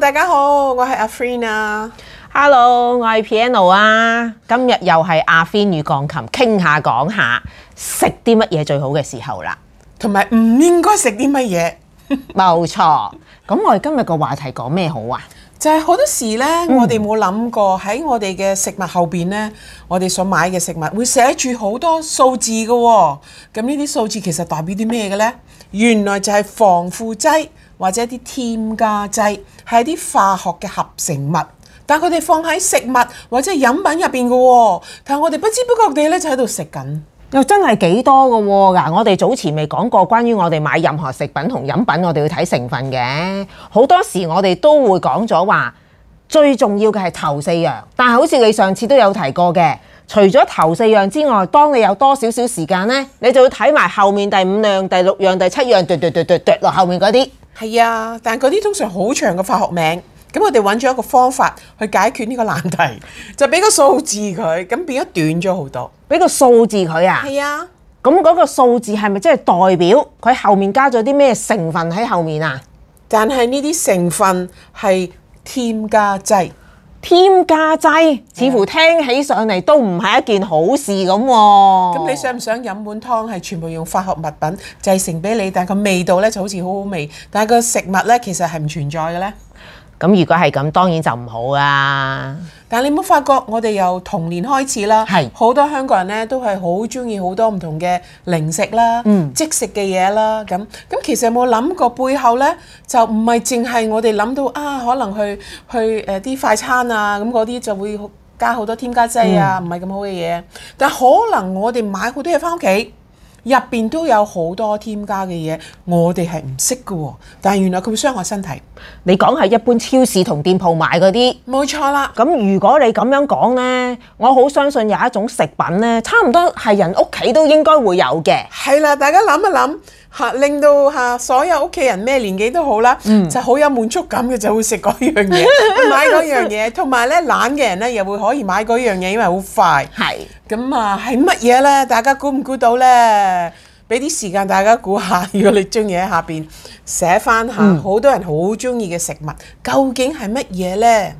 大家好，我係 Afreen 啊，Hello，我係 Piano 啊，今日又係 Afreen 與鋼琴傾下講下食啲乜嘢最好嘅時候啦，同埋唔應該食啲乜嘢，冇 錯。咁我哋今日個話題講咩好啊？ 就係好多時呢，我哋冇諗過喺我哋嘅食物後邊呢，我哋所買嘅食物會寫住好多數字嘅，咁呢啲數字其實代表啲咩嘅呢？原來就係防腐劑。或者啲添加劑係啲化學嘅合成物，但佢哋放喺食物或者飲品入邊嘅喎，但係我哋不知不覺地咧就喺度食緊，又真係幾多嘅。嗱，我哋早前未講過關於我哋買任何食品同飲品，我哋要睇成分嘅。好多時我哋都會講咗話最重要嘅係頭四樣，但係好似你上次都有提過嘅，除咗頭四樣之外，當你有多少少時間呢，你就會睇埋後面第五樣、第六樣、第七樣，嘟嘟嘟嘟嘟落後面嗰啲。係啊，但係嗰啲通常好長嘅化學名，咁我哋揾咗一個方法去解決呢個難題，就俾個數字佢，咁變咗短咗好多。俾個數字佢啊？係啊。咁嗰個數字係咪即係代表佢後面加咗啲咩成分喺後面啊？但係呢啲成分係添加劑。添加劑似乎聽起上嚟都唔係一件好事咁喎，啊。咁你想唔想飲碗湯係全部用化學物品製成俾你？但個味道呢就好似好好味，但係個食物呢其實係唔存在嘅呢。咁如果係咁，當然就唔好啦。但你冇發覺我哋由童年開始啦，好多香港人咧都係好中意好多唔同嘅零食啦、即食嘅嘢啦。咁咁其實有冇諗過背後咧，就唔係淨係我哋諗到啊，可能去去誒啲快餐啊咁嗰啲就會加好多添加劑啊，唔係咁好嘅嘢。但可能我哋買好多嘢返屋企。入面都有好多添加嘅嘢，我哋係唔識㗎喎。但係原來佢會傷害身體。你講係一般超市同店鋪買嗰啲，冇錯啦。咁如果你咁樣講呢，我好相信有一種食品呢，差唔多係人屋企都應該會有嘅。係啦，大家諗一諗。吓、啊、令到吓、啊、所有屋企人咩年紀都好啦、嗯，就好有滿足感嘅，就會食嗰樣嘢， 買嗰樣嘢。同埋咧懶嘅人咧，又會可以買嗰樣嘢，因為好快。係咁啊，係乜嘢咧？大家估唔估到咧？俾啲時間大家估下。如果你中意喺下邊寫翻下，好多人好中意嘅食物，嗯、究竟係乜嘢咧？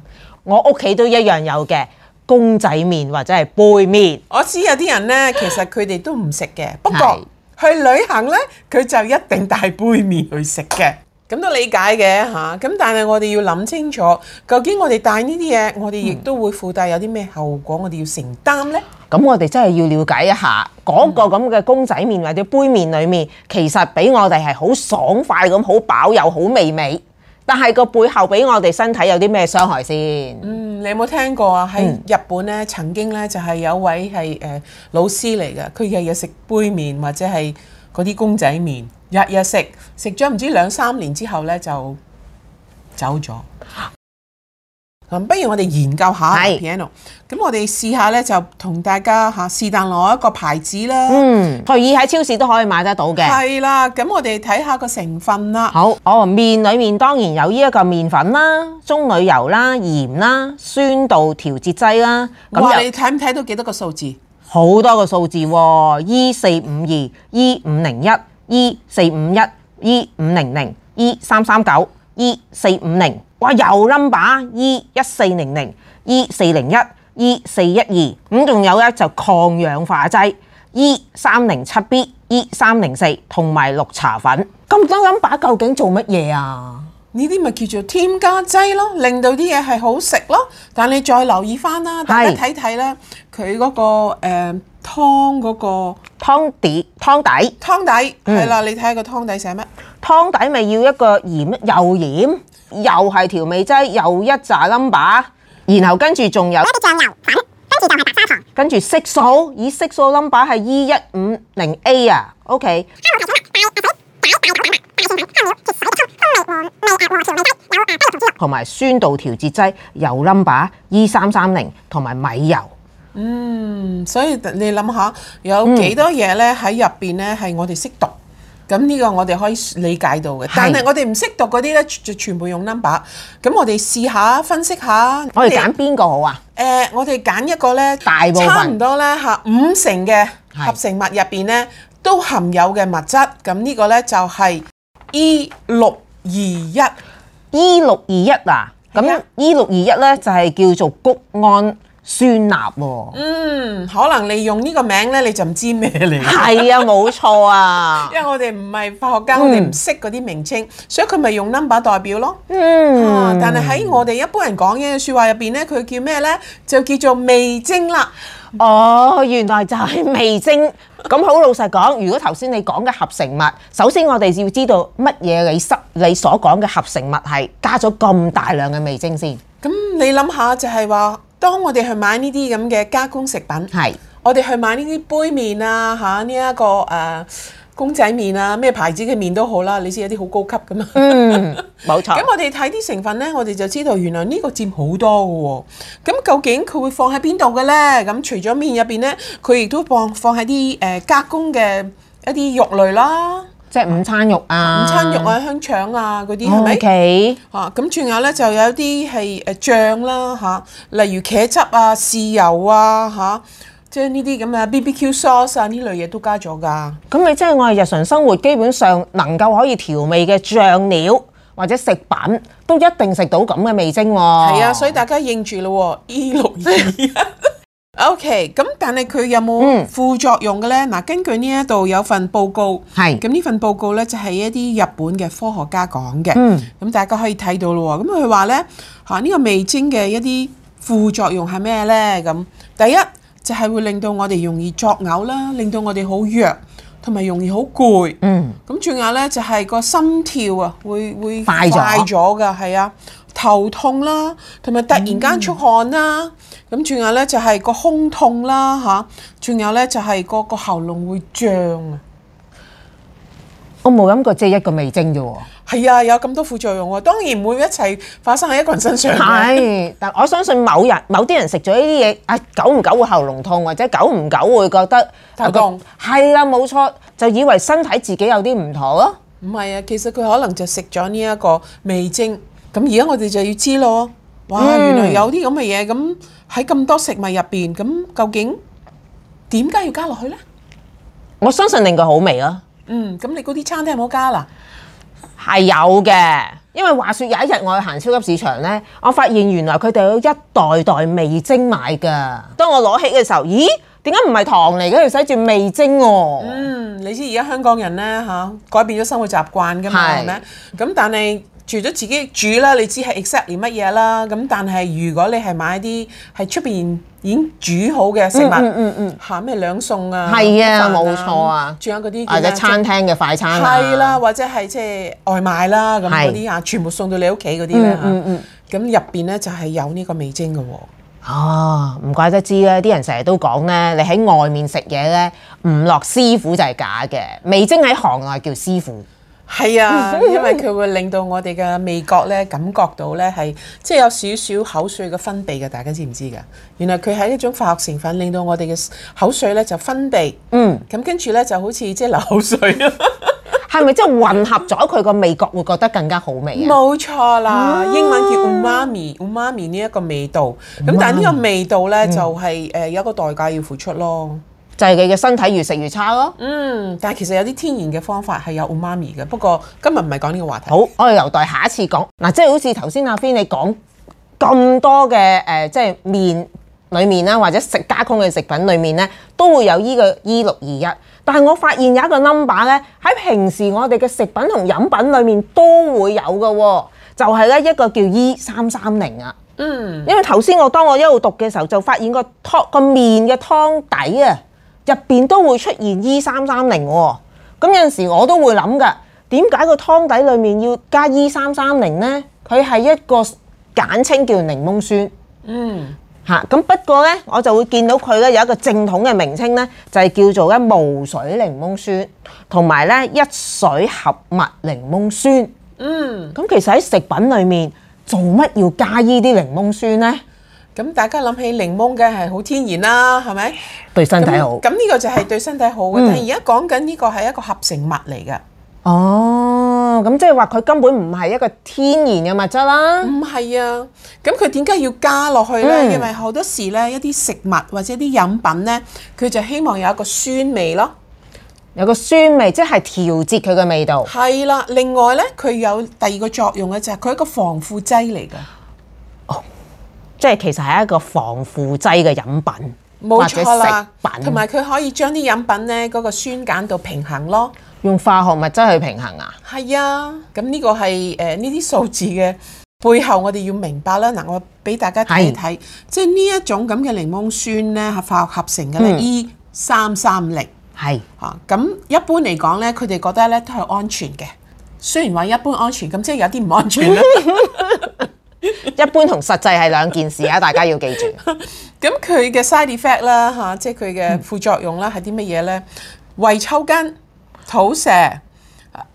我屋企都一樣有嘅，公仔麵或者係杯麵。我知有啲人咧，其實佢哋都唔食嘅， 不過。去旅行呢，佢就一定帶杯麵去食嘅，咁都理解嘅嚇。咁但係我哋要諗清楚，究竟我哋帶呢啲嘢，我哋亦都會附帶有啲咩後果，我哋要承擔呢。咁、嗯、我哋真係要了解一下，嗰個咁嘅公仔麵或者杯麵裏面，其實俾我哋係好爽快咁，好飽又好美味。但係個背後俾我哋身體有啲咩傷害先？嗯，你有冇聽過啊？喺日本呢、嗯、曾經呢，就係有位係誒老師嚟嘅，佢日日食杯麵或者係嗰啲公仔麵，日日食食咗唔知兩三年之後呢，就走咗。不如我哋研究下 Piano，咁我哋試下咧，就同大家嚇是但攞一個牌子啦。嗯，隨意喺超市都可以買得到嘅。係啦，咁我哋睇下個成分啦。好，哦，麵裏面當然有呢一個麵粉啦、棕櫚油啦、鹽啦、酸度調節劑啦。咁、哦、你睇唔睇到幾多，多個數字？好多個數字喎，E 四五二、E 五零一、E 四五一、E 五零零、E 三三九、E 四五零。哇！又冧把 e 一四零零 e 四零一 e 四一二咁，仲有咧就抗氧化劑 e 三零七 b e 三零四同埋綠茶粉咁多冧把，究竟做乜嘢啊？呢啲咪叫做添加劑咯，令到啲嘢係好食咯。但你再留意翻啦，大家睇睇咧，佢嗰、嗰個誒湯、呃嗰個湯底湯底湯底係啦、嗯，你睇下個湯底寫咩？湯底咪要一個鹽，油鹽。又係調味劑，又一紮 number，然後跟住仲有，我哋醬油粉，跟住就係白砂糖，跟住色素，以色素 number 係 E 一五零 A 啊，OK，同埋酸度調節劑又 number E 三三零，同埋米油。嗯，所以你諗下，有幾多嘢咧喺入邊咧，係我哋識讀。嗯咁呢個我哋可以理解到嘅，但係我哋唔識讀嗰啲咧，就全部用 number。咁我哋試下分析下，我哋揀邊個好啊？誒、呃，我哋揀一個咧，大部差唔多啦嚇，五成嘅合成物入邊咧都含有嘅物質，咁呢個咧就係 E 六二一，E 六二一嗱，咁 E 六二一咧就係叫做谷氨酸鈉喎、哦，嗯，可能你用呢個名咧，你就唔知咩嚟。係啊，冇錯啊， 因為我哋唔係化學家，我哋唔識嗰啲名稱，嗯、所以佢咪用 number 代表咯。嗯，啊、但係喺我哋一般人講嘅説話入邊咧，佢叫咩咧？就叫做味精啦。哦，原來就係味精。咁 好老實講，如果頭先你講嘅合成物，首先我哋要知道乜嘢你失你所講嘅合成物係加咗咁大量嘅味精先。咁你諗下，就係、是、話。當我哋去買呢啲咁嘅加工食品，我哋去買呢啲杯麵啊，嚇呢一個誒、呃、公仔麵啊，咩牌子嘅麵都好啦，你知有啲好高級噶嘛？冇、嗯、錯。咁 我哋睇啲成分咧，我哋就知道原來呢個佔好多嘅喎、哦。咁究竟佢會放喺邊度嘅咧？咁除咗麵入面咧，佢亦都放放喺啲誒加工嘅一啲肉類啦。即係午餐肉啊，午餐肉啊、香腸啊嗰啲係咪？O K 嚇，咁仲有咧就有啲係誒醬啦嚇，例如茄汁啊、豉油啊嚇、啊，即係呢啲咁嘅 B B Q sauce 啊呢類嘢都加咗㗎。咁你即係我哋日常生活基本上能夠可以調味嘅醬料或者食品，都一定食到咁嘅味精喎、啊。係啊，所以大家認住咯，E 六二一 OK，咁但係佢有冇副作用嘅咧？嗱、嗯，根據呢一度有份報告，咁呢份報告咧就係一啲日本嘅科學家講嘅。咁、嗯、大家可以睇到咯。咁佢話咧吓呢個味精嘅一啲副作用係咩咧？咁第一就係、是、會令到我哋容易作嘔啦，令到我哋好弱，同埋容易好攰。嗯，咁仲有咧就係個心跳啊，會會快咗㗎，係啊，頭痛啦，同埋突然間出汗啦。嗯咁仲有咧就係個胸痛啦吓，仲有咧就係個個喉嚨會脹啊。我冇諗過即係一個味精啫喎。係啊，有咁多副作用啊，當然唔會一齊發生喺一個人身上。係，但我相信某人某啲人食咗呢啲嘢，啊久唔久會喉嚨痛，或者久唔久會覺得頭痛。係啦，冇錯，就以為身體自己有啲唔妥咯。唔係啊，其實佢可能就食咗呢一個味精。咁而家我哋就要知咯。哇，原來有啲咁嘅嘢，咁喺咁多食物入邊，咁究竟點解要加落去呢？我相信令佢好味啊。嗯，咁你啲餐廳有冇加喇？係有嘅，因為話說有一日我去行超級市場呢，我發現原來佢哋有一袋袋味精賣㗎。當我攞起嘅時候，咦？點解唔係糖嚟嘅？度寫住味精喎。嗯，你知而家香港人呢，改變咗生活習慣㗎嘛。係咪？咁但係除咗自己煮啦，你知係 exactly 乜嘢啦，咁但係如果你係買啲係出邊已經煮好嘅食物，嗯嗯嗯，咩、嗯嗯、兩餸啊？係啊，冇、啊、錯啊。仲有嗰啲或者餐廳嘅快餐啦、啊，係、就、啦、是啊，或者係即係外賣啦，咁嗰啲啊，全部送到你屋企嗰啲咧。嗯嗯，咁入邊咧就係有呢個味精嘅喎。哦，唔怪得知咧，啲人成日都講咧，你喺外面食嘢咧唔落師傅就係假嘅，味精喺行內叫師傅。係啊，因為佢會令到我哋嘅味覺咧，感覺到咧係即係有少少口水嘅分泌嘅，大家知唔知㗎？原來佢係一種化學成分，令到我哋嘅口水咧就分泌。嗯，咁跟住咧就好似即係流口水咯。係咪即係混合咗佢個味覺，會覺得更加好味啊？冇錯啦，英文叫 umami，umami 呢一個味道。咁但係呢個味道咧，就係誒有一個代價要付出咯。就係佢嘅身體越食越差咯。嗯，但係其實有啲天然嘅方法係有 umami 嘅。不過今日唔係講呢個話題。好，我哋留待下一次講。嗱，即係好似頭先阿飛你講咁多嘅誒、呃，即係麵裏面啦，或者食加工嘅食品裏面咧，都會有呢個 E 六二一。但係我發現有一個 number 咧，喺平時我哋嘅食品同飲品裏面都會有嘅，就係、是、咧一個叫 E 三三零啊。嗯。因為頭先我當我一路讀嘅時候，就發現個湯個麵嘅湯底啊。入邊都會出現 E 三三零喎，咁有陣時我都會諗㗎，點解個湯底裡面要加 E 三三零呢？佢係一個簡稱叫做檸檬酸，嗯，嚇咁不過呢，我就會見到佢咧有一個正統嘅名稱呢，就係叫做咧無水檸檬酸，同埋咧一水合物檸檬酸，嗯，咁其實喺食品裡面做乜要加依啲檸檬酸呢？咁大家諗起檸檬嘅係好天然啦，啊，係咪？對身體好。咁呢個就係對身體好嘅。嗯。但係而家講緊呢個係一個合成物嚟嘅。哦，咁即係話佢根本唔係一個天然嘅物質啦。唔係啊，咁佢點解要加落去呢？嗯、因為好多時呢，一啲食物或者啲飲品呢，佢就希望有一個酸味咯，有個酸味即係調節佢嘅味道。係啦，另外呢，佢有第二個作用嘅就係、是、佢係一個防腐劑嚟嘅。即係其實係一個防腐劑嘅飲品，冇錯啦。同埋佢可以將啲飲品咧嗰個酸鹼度平衡咯。用化學物質去平衡啊？係啊，咁呢個係誒呢啲數字嘅背後，我哋要明白啦。嗱，我俾大家睇一睇，即係呢一種咁嘅檸檬酸咧，係化學合成嘅咧，E 三三零係啊。咁、嗯嗯、一般嚟講咧，佢哋覺得咧都係安全嘅。雖然話一般安全，咁即係有啲唔安全啦。 一般同實際係兩件事啊！大家要記住。咁佢嘅 side effect 啦，嚇，即係佢嘅副作用啦，係啲乜嘢咧？胃抽筋、肚瀉、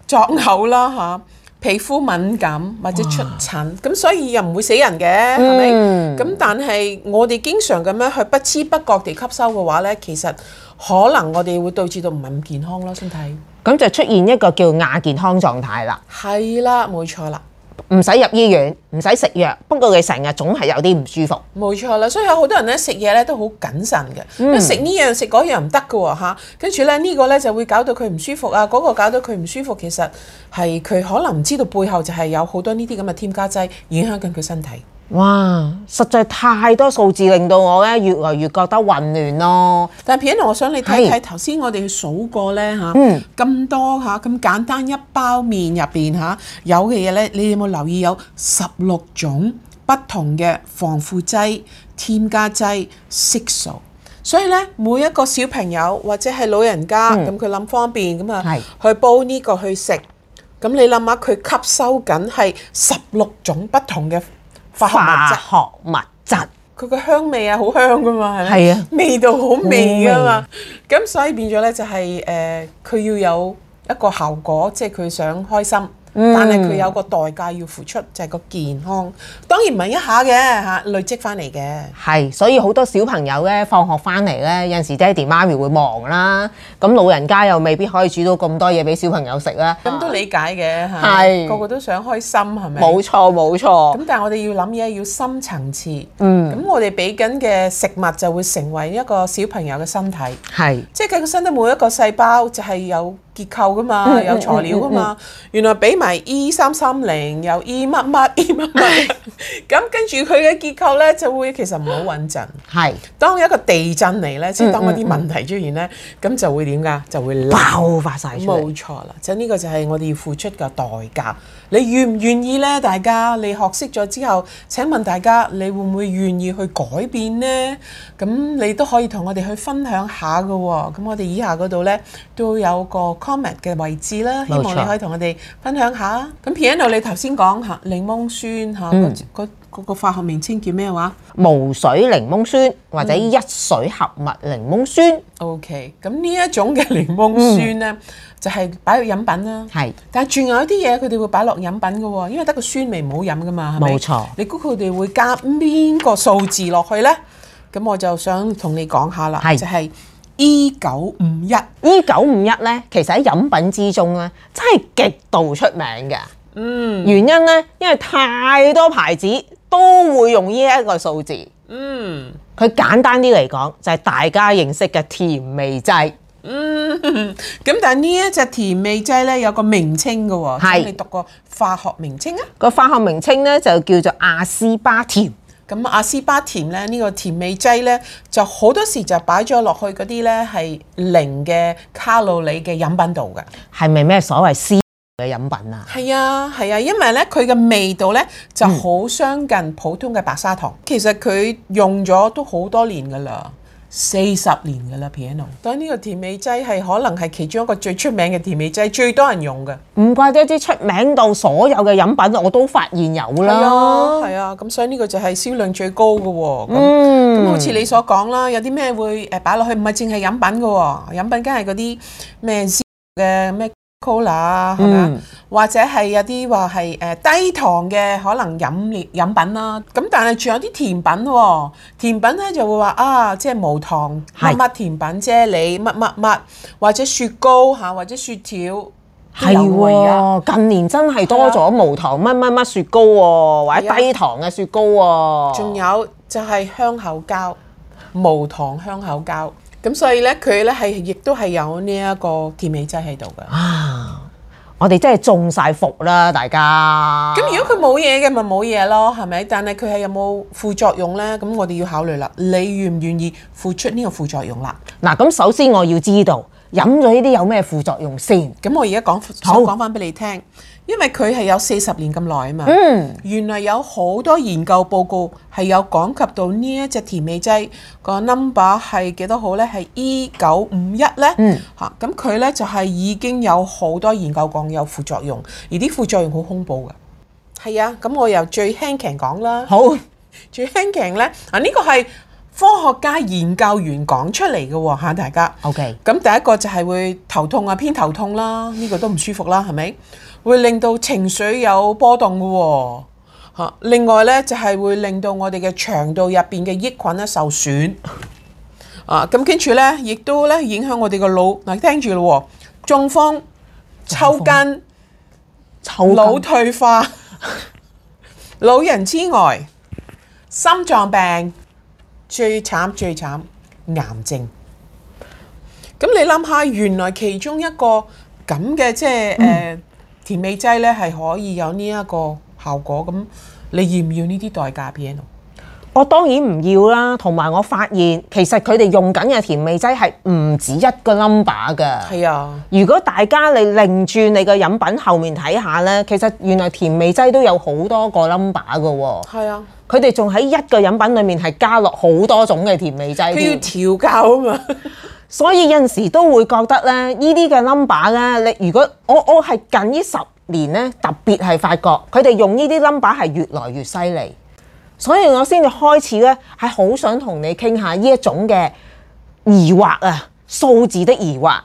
作嘔啦，嚇，皮膚敏感或者出疹，咁所以又唔會死人嘅，係、嗯、咪？咁但係我哋經常咁樣去不知不覺地吸收嘅話咧，其實可能我哋會導致到唔係咁健康咯，身體。咁就出現一個叫亞健康狀態啦。係啦，冇錯啦。唔使入醫院，唔使食藥，不過佢成日總係有啲唔舒服。冇錯啦，所以有好多人咧食嘢咧都好謹慎嘅，食呢樣食嗰樣唔得嘅喎嚇，跟住咧呢個咧就會搞到佢唔舒服啊，嗰個搞到佢唔舒服，其實係佢可能唔知道背後就係有好多呢啲咁嘅添加劑影響緊佢身體。哇！實在太多數字，令到我咧越來越覺得混亂咯。但 Piano，我想你睇睇頭先我哋去數過呢。嚇、嗯，咁多嚇咁簡單一包麵面入邊嚇有嘅嘢呢，你有冇留意有十六種不同嘅防腐劑、添加劑、色素？所以呢，每一個小朋友或者係老人家咁佢諗方便咁啊，去煲呢個去食。咁你諗下佢吸收緊係十六種不同嘅。化學物質，佢個香味香啊，好香噶嘛，係咪？味道味好味噶嘛，咁所以變咗咧就係、是、誒，佢、呃、要有一個效果，即係佢想開心。但係佢有個代價要付出，就係個健康。當然唔係一下嘅嚇，累積翻嚟嘅。係，所以好多小朋友咧，放學翻嚟咧，有陣時爹哋媽咪會忙啦，咁老人家又未必可以煮到咁多嘢俾小朋友食啦。咁都理解嘅嚇，係個個都想開心，係咪？冇錯冇錯。咁但係我哋要諗嘢要深層次。嗯。咁我哋俾緊嘅食物就會成為一個小朋友嘅身體。係。即係佢個身體每一個細胞就係有結構噶嘛，有材料噶嘛，原來俾埋 E 三三零又 E 乜乜 E 乜乜，咁、哎、跟住佢嘅結構咧就會其實唔好穩陣。係，當一個地震嚟咧，即係當一啲問題出現咧，咁、嗯嗯嗯、就會點噶？就會爆發晒。冇錯啦，咁呢個就係、是、我哋要付出嘅代價。你願唔願意呢？大家，你學識咗之後，請問大家，你會唔會願意去改變呢？咁你都可以同我哋去分享下㗎喎、哦。咁我哋以下嗰度呢，都有個 comment 嘅位置啦，希望你可以同我哋分享下。咁 Piano，你頭先講吓檸檬酸嗰、嗯嗰個嗰個化學名稱叫咩話？無水檸檬酸或者一水合物檸檬酸。嗯、OK，咁呢一種嘅檸檬酸呢。嗯就係擺落飲品啦，係。但係仲有一啲嘢佢哋會擺落飲品嘅喎，因為得個酸味唔好飲嘅嘛，係咪？冇錯。你估佢哋會加邊個數字落去呢？咁我就想同你講下啦，就係 E 九五一，E 九五一呢，其實喺飲品之中呢，真係極度出名嘅。嗯。原因呢，因為太多牌子都會用呢一個數字。嗯。佢簡單啲嚟講，就係大家認識嘅甜味劑。嗯，咁但係呢一隻甜味劑咧，有個名稱㗎喎，你讀過化學名稱啊？個化學名稱咧，就叫做阿斯巴甜。咁阿斯巴甜咧，呢個甜味劑咧，就好多時就擺咗落去嗰啲咧，係零嘅卡路里嘅飲品度嘅。係咪咩所謂 C 嘅飲品啊？係啊係啊，因為咧，佢嘅味道咧，就好相近普通嘅白砂糖。嗯、其實佢用咗都好多年㗎啦。四十年嘅啦，Piano。所以呢個甜味劑係可能係其中一個最出名嘅甜味劑，最多人用嘅。唔怪得之出名到所有嘅飲品我都發現有啦。係啊，係啊，咁所以呢個就係銷量最高嘅喎。嗯，咁好似你所講啦，有啲咩會誒擺落去？唔係淨係飲品嘅喎，飲品梗係嗰啲咩嘅咩。cola 係咪啊？或者係有啲話係誒低糖嘅可能飲料飲品啦。咁但係仲有啲甜品喎，甜品咧就會話啊，即、就、係、係、無糖乜乜甜品啫，你乜乜乜或者雪糕嚇、啊，或者雪條係喎、啊。近年真係多咗無糖乜乜乜雪糕喎，或者低糖嘅雪糕喎、啊。仲、啊、有就係香口膠，無糖香口膠。咁所以咧，佢咧係亦都係有呢一個甜味劑喺度嘅。啊！我哋真係中晒伏啦，大家。咁如果佢冇嘢嘅，咪冇嘢咯，係咪？但係佢係有冇副作用咧？咁我哋要考慮啦。你願唔願意付出呢個副作用啦？嗱，咁首先我要知道飲咗呢啲有咩副作用先。咁我而家講，好講翻俾你聽。因為佢係有四十年咁耐啊嘛，原來有好多研究報告係有講及到呢一隻甜味劑個 number 係幾多號呢？係 E 九五一呢。嚇咁佢呢就係、是、已經有好多研究講有副作用，而啲副作用好恐怖噶。係啊，咁我由最輕強講啦。好，最輕強呢，啊，呢、這個係。科學家研究員講出嚟嘅嚇，大家 OK。咁第一個就係會頭痛啊，偏頭痛啦，呢個都唔舒服啦，係咪？會令到情緒有波動嘅喎。另外呢，就係會令到我哋嘅腸道入邊嘅益菌呢，受損 啊。咁跟住呢，亦都呢影響我哋嘅腦嗱，聽住咯喎，中風、抽筋、腦退化、老人痴呆、心臟病。最慘最慘，癌症。咁你諗下，原來其中一個咁嘅即係誒甜味劑呢，係可以有呢一個效果。咁你要唔要呢啲代價片？我當然唔要啦，同埋我發現其實佢哋用緊嘅甜味劑係唔止一個 number 嘅。係啊，如果大家你拎轉你個飲品後面睇下呢，其實原來甜味劑都有好多個 number 嘅喎。係啊，佢哋仲喺一個飲品裡面係加落好多種嘅甜味劑。佢要調教啊嘛， 所以有陣時都會覺得呢依啲嘅 number 呢，你如果我我係近呢十年呢，特別係發覺佢哋用呢啲 number 係越來越犀利。所以我先至開始咧，係好想同你傾下呢一種嘅疑惑啊，數字的疑惑。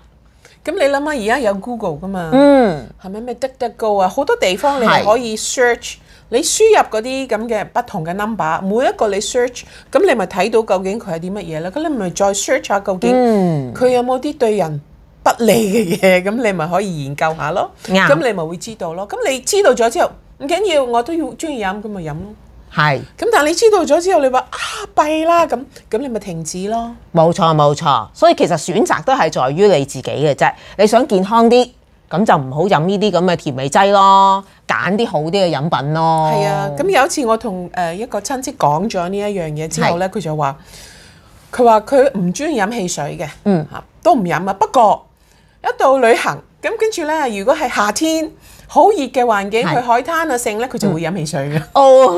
咁你諗下，而家有 Google 㗎嘛？嗯，係咪咩得得高啊？好多地方你可以 search，你輸入嗰啲咁嘅不同嘅 number，每一個你 search，咁你咪睇到究竟佢係啲乜嘢啦。咁你咪再 search 下究竟佢有冇啲對人不利嘅嘢，咁、嗯、你咪可以研究下咯。咁、嗯、你咪會知道咯。咁你知道咗之後，唔緊要，我都要鍾意飲，咁咪飲咯。係，咁但係你知道咗之後，你話，啊，弊啦，咁，咁你咪停止咯。冇錯冇錯，所以其實選擇都係在於你自己嘅啫。你想健康啲，咁就唔好飲呢啲咁嘅甜味劑咯，揀啲好啲嘅飲品咯。係啊，咁有一次我同誒一個親戚講咗呢一樣嘢之後咧，佢就話佢話佢唔中意飲汽水嘅，嗯都唔飲啊。不過一到旅行咁跟住咧，如果係夏天，好熱嘅環境，去海灘啊性咧，佢就會飲汽水嘅。哦、嗯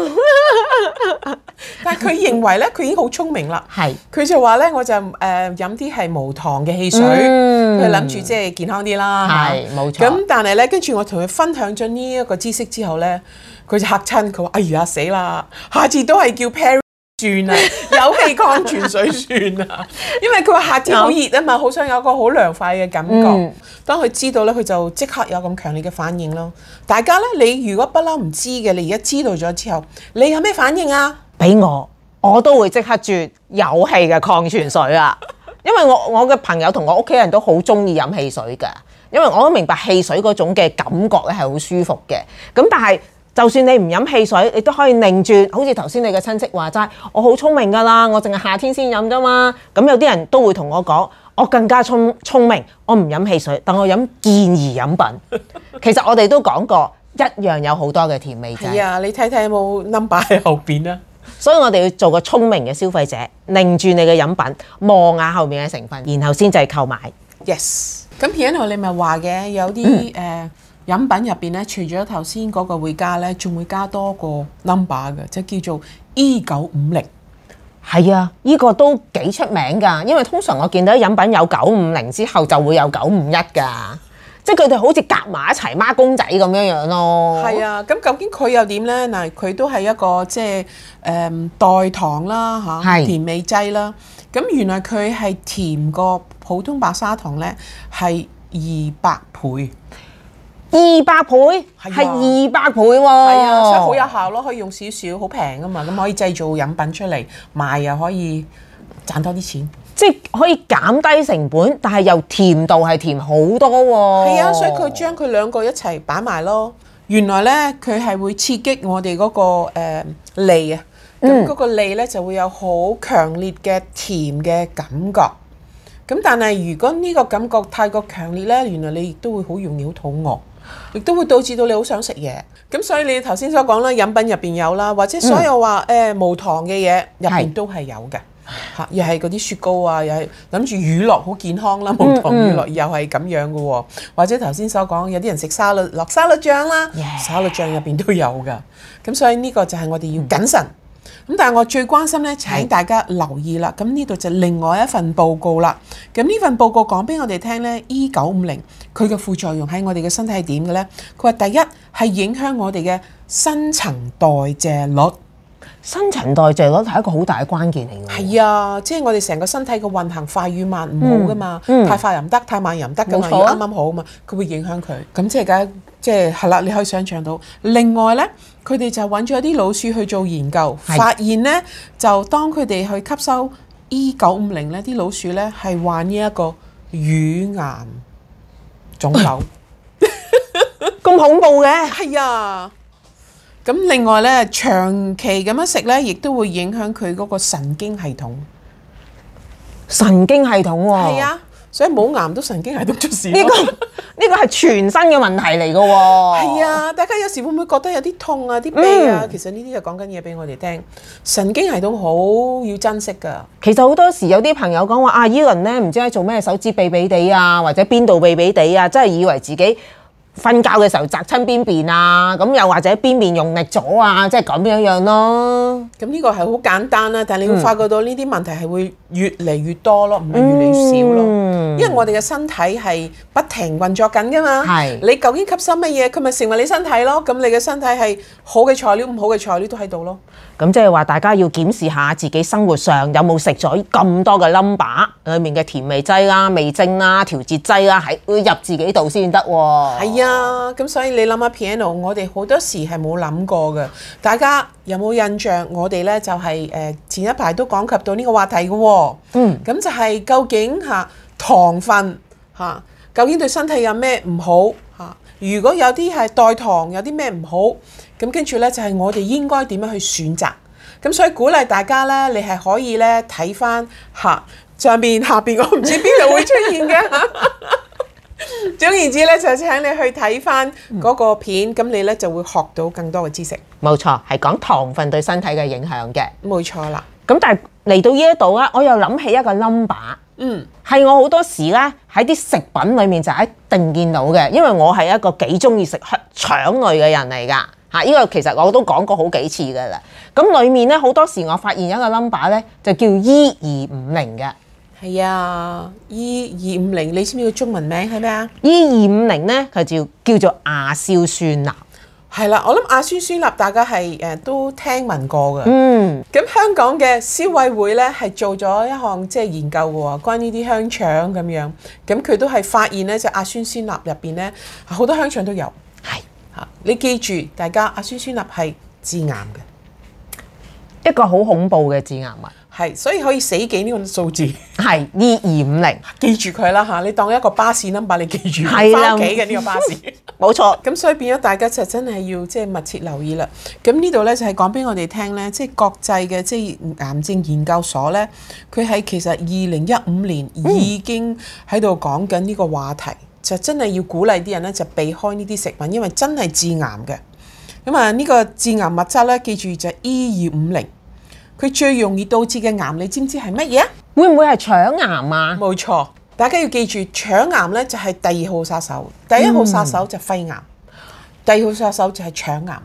，oh. 但係佢認為咧，佢已經好聰明啦。係，佢就話咧，我就誒飲啲係無糖嘅汽水，佢諗住即係健康啲啦。係，冇錯。咁但係咧，我跟住我同佢分享咗呢一個知識之後咧，佢就嚇親，佢話：哎呀死啦，下次都係叫 Perry 轉啊！ 有氣礦泉水算啦， 因為佢話夏天好熱啊嘛，好想有一個好涼快嘅感覺。嗯、當佢知道咧，佢就即刻有咁強烈嘅反應咯。大家咧，你如果不嬲唔知嘅，你而家知道咗之後，你有咩反應啊？俾我，我都會即刻轉有氣嘅礦泉水啊！ 因為我我嘅朋友同我屋企人都好中意飲汽水噶，因為我都明白汽水嗰種嘅感覺咧係好舒服嘅，咁但係。就算你唔飲汽水，你都可以擰轉，好似頭先你嘅親戚話齋，我好聰明㗎啦，我淨係夏天先飲㗎嘛。咁有啲人都會同我講，我更加聰聰明，我唔飲汽水，但我飲健怡飲品。 其實我哋都講過，一樣有好多嘅甜味劑。係啊，你睇睇有冇 number 喺後邊啦。所以我哋要做個聰明嘅消費者，擰住你嘅飲品，望下後面嘅成分，然後先就係購買。Yes。咁 Piano 你咪話嘅，有啲誒。嗯呃飲品入邊咧，除咗頭先嗰個會加咧，仲會加多個 number 嘅，即係叫做 E 九五零。係啊，依個都幾出名㗎，因為通常我見到飲品有九五零之後就會有九五一㗎，即係佢哋好似夾埋一齊孖公仔咁樣樣咯。係啊，咁究竟佢又點咧？嗱，佢都係一個即係誒代糖啦，嚇係甜味劑啦。咁原來佢係甜過普通白砂糖咧，係二百倍。二百倍，係二百倍喎，係啊，所以好有效咯，可以用少少，好平噶嘛，咁可以製造飲品出嚟賣，又可以賺多啲錢。即係可以減低成本，但係又甜度係甜好多喎、啊。係啊，所以佢將佢兩個一齊擺埋咯。原來呢，佢係會刺激我哋嗰、嗰個脷啊，咁、呃、嗰個脷呢，就會有好強烈嘅甜嘅感覺。咁、嗯、但係如果呢個感覺太過強烈呢，原來你亦都會好容易好肚餓。亦都會導致到你好想食嘢，咁所以你頭先所講啦，飲品入面有啦，或者所有話誒、嗯呃、無糖嘅嘢入面都係有嘅，又係嗰啲雪糕啊，又係諗住乳酪好健康啦，無糖乳酪又係咁樣嘅喎、嗯嗯，或者頭先所講有啲人食沙律落沙律醬啦，yeah. 沙律醬入面都有㗎。咁所以呢個就係我哋要謹慎，咁但係我最關心呢，請大家留意啦，咁呢度就另外一份報告啦，咁呢份報告講俾我哋聽呢 E 九五零。E950。佢嘅副作用喺我哋嘅身體係點嘅咧？佢話第一係影響我哋嘅新陳代謝率，新陳，新陳代謝率係一個好大嘅關鍵嚟㗎。係啊，即係我哋成個身體嘅運行快與慢唔、嗯、好㗎嘛、嗯，太快又唔得，太慢又唔得咁啊，啱啱好啊嘛，佢會影響佢。咁即係家，即係係啦，你可以想像到。另外咧，佢哋就揾咗一啲老鼠去做研究，發現咧就當佢哋去吸收 E 九五零咧，啲老鼠咧係患呢一個乳癌。腫瘤咁 恐怖嘅，係啊！咁另外呢，長期咁樣食呢，亦都會影響佢嗰個神經系統，神經系統喎，係啊！所以冇癌都神經系統出事、這個，呢、這個呢個係全身嘅問題嚟嘅喎。係啊，大家有時會唔會覺得有啲痛啊、啲痹啊？嗯、其實呢啲就講緊嘢俾我哋聽，神經系統好要珍惜㗎。其實好多時有啲朋友講話 Afreen 咧唔知喺做咩手指痹痹地啊，或者邊度痹痹地啊，真係以為自己。瞓覺嘅時候砸親邊邊啊，咁又或者邊邊用力咗啊，即係咁樣樣咯。咁呢個係好簡單啦，但係你會發覺到呢啲問題係會越嚟越多咯，唔、嗯、係越嚟越少咯。因為我哋嘅身體係不停運作緊㗎嘛。係你究竟吸收乜嘢，佢咪成為你身體咯？咁你嘅身體係好嘅材料，唔好嘅材料都喺度咯。咁、嗯、即係話，大家要檢視一下自己生活上有冇食咗咁多嘅 number，裏面嘅甜味劑啦、味精啦、調節劑啦，係會入自己度先得喎。係啊。啊，咁所以你諗下 Piano，我哋好多時係冇諗過嘅。大家有冇印象？我哋咧就係、是、誒、呃、前一排都講及到呢個話題嘅、哦。嗯，咁就係究竟吓、啊、糖分吓、啊、究竟對身體有咩唔好吓、啊？如果有啲係代糖，有啲咩唔好？咁跟住咧就係、是、我哋應該點樣去選擇？咁所以鼓勵大家咧，你係可以咧睇翻吓上邊下邊，我唔知邊度會出現嘅。 總言之咧，就請你去睇翻嗰個片，咁你咧就會學到更多嘅知識。冇錯，係講糖分對身體嘅影響嘅。冇錯啦。咁但係嚟到呢一度啊，我又諗起一個 number，嗯，係我好多時咧喺啲食品裏面就一定見到嘅，因為我係一個幾中意食香腸類嘅人嚟噶。吓，呢個其實我都講過好幾次噶啦。咁裏面咧好多時我發現一個 number 咧，就叫 E250 嘅。係啊，E 二五零，E250，你知唔知個中文名係咩啊？E 二五零咧，佢叫叫做亞硝酸鈉。係啦，我諗亞硝酸鈉大家係誒都聽聞過嘅。嗯。咁香港嘅消委會咧係做咗一項即係研究嘅，關於啲香腸咁樣。咁佢都係發現咧，即係亞硝酸鈉入邊咧，好多香腸都有。係。吓，你記住，大家亞硝酸鈉係致癌嘅，一個好恐怖嘅致癌物。係，所以可以死記呢個數字是，係 E 二五零，記住佢啦嚇，你當一個巴士 number，你記住翻屋企嘅呢個巴士，冇 錯。咁所以變咗大家就真係要即係密切留意啦。咁呢度呢，就係講俾我哋聽呢，即、就、係、是、國際嘅即係癌症研究所呢，佢喺其實二零一五年已經喺度講緊呢個話題，嗯、就真係要鼓勵啲人呢，就避開呢啲食品，因為真係致癌嘅。咁啊呢個致癌物質呢，記住就係 E 二五零。佢最容易導致嘅癌，你知唔知係乜嘢？會唔會係腸癌啊？冇錯，大家要記住，腸癌呢就係第二號殺手，第一號殺手就肺癌，第二號殺手就係腸癌。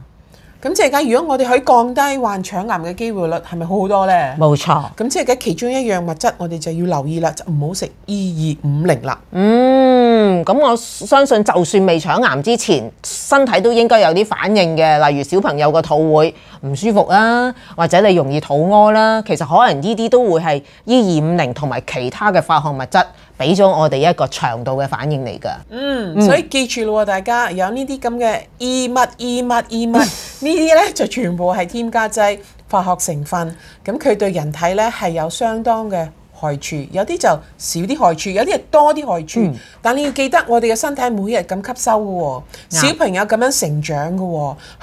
咁即係如果我哋可以降低患腸癌嘅機會率，係咪好好多呢？冇錯。咁即係其中一樣物質，我哋就要留意啦，就唔好食 E250 啦。嗯，咁我相信就算未腸癌之前，身體都應該有啲反應嘅，例如小朋友個肚會唔舒服啊，或者你容易肚屙啦。其實可能呢啲都會係 E250 同埋其他嘅化學物質。俾咗我哋一個長度嘅反應嚟㗎。嗯，所以記住咯，大家有呢啲咁嘅異物、異物、異物，呢啲呢就全部係添加劑、化學成分。咁佢對人體呢係有相當嘅害處，有啲就少啲害處，有啲就多啲害處，嗯。但你要記得，我哋嘅身體每日咁吸收嘅喎，小朋友咁樣成長嘅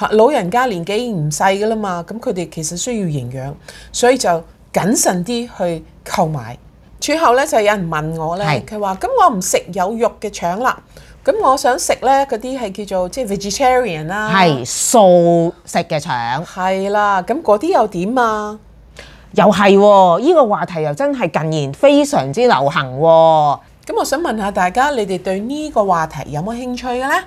喎，老人家年紀唔細㗎啦嘛。咁佢哋其實需要營養，所以就謹慎啲去購買。最後咧就有人問我咧，佢話：咁我唔食有肉嘅腸啦，咁我想食咧嗰啲係叫做即係 vegetarian 啦，係素食嘅腸。係啦，咁嗰啲又點啊？又係喎。呢個話題又真係近年非常之流行喎。咁我想問下大家，你哋對呢個話題有冇興趣嘅咧？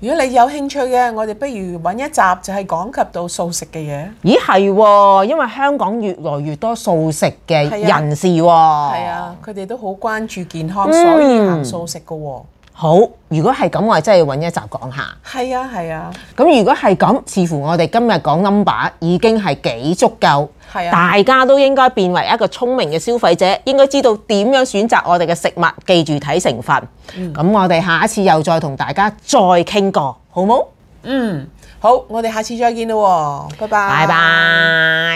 如果你有興趣嘅，我哋不如揾一集就係講及到素食嘅嘢。咦係，因為香港越來越多素食嘅人士喎。係啊，佢哋都好關注健康，所以行素食㗎喎。嗯好，如果係咁，我真係要揾一集講下。係啊，係啊。咁如果係咁，似乎我哋今日講 number 已經係幾足夠。係啊。大家都應該變為一個聰明嘅消費者，應該知道點樣選擇我哋嘅食物，記住睇成分。咁、嗯、我哋下一次又再同大家再傾過，好冇？嗯，好，我哋下次再見咯，拜拜。拜拜。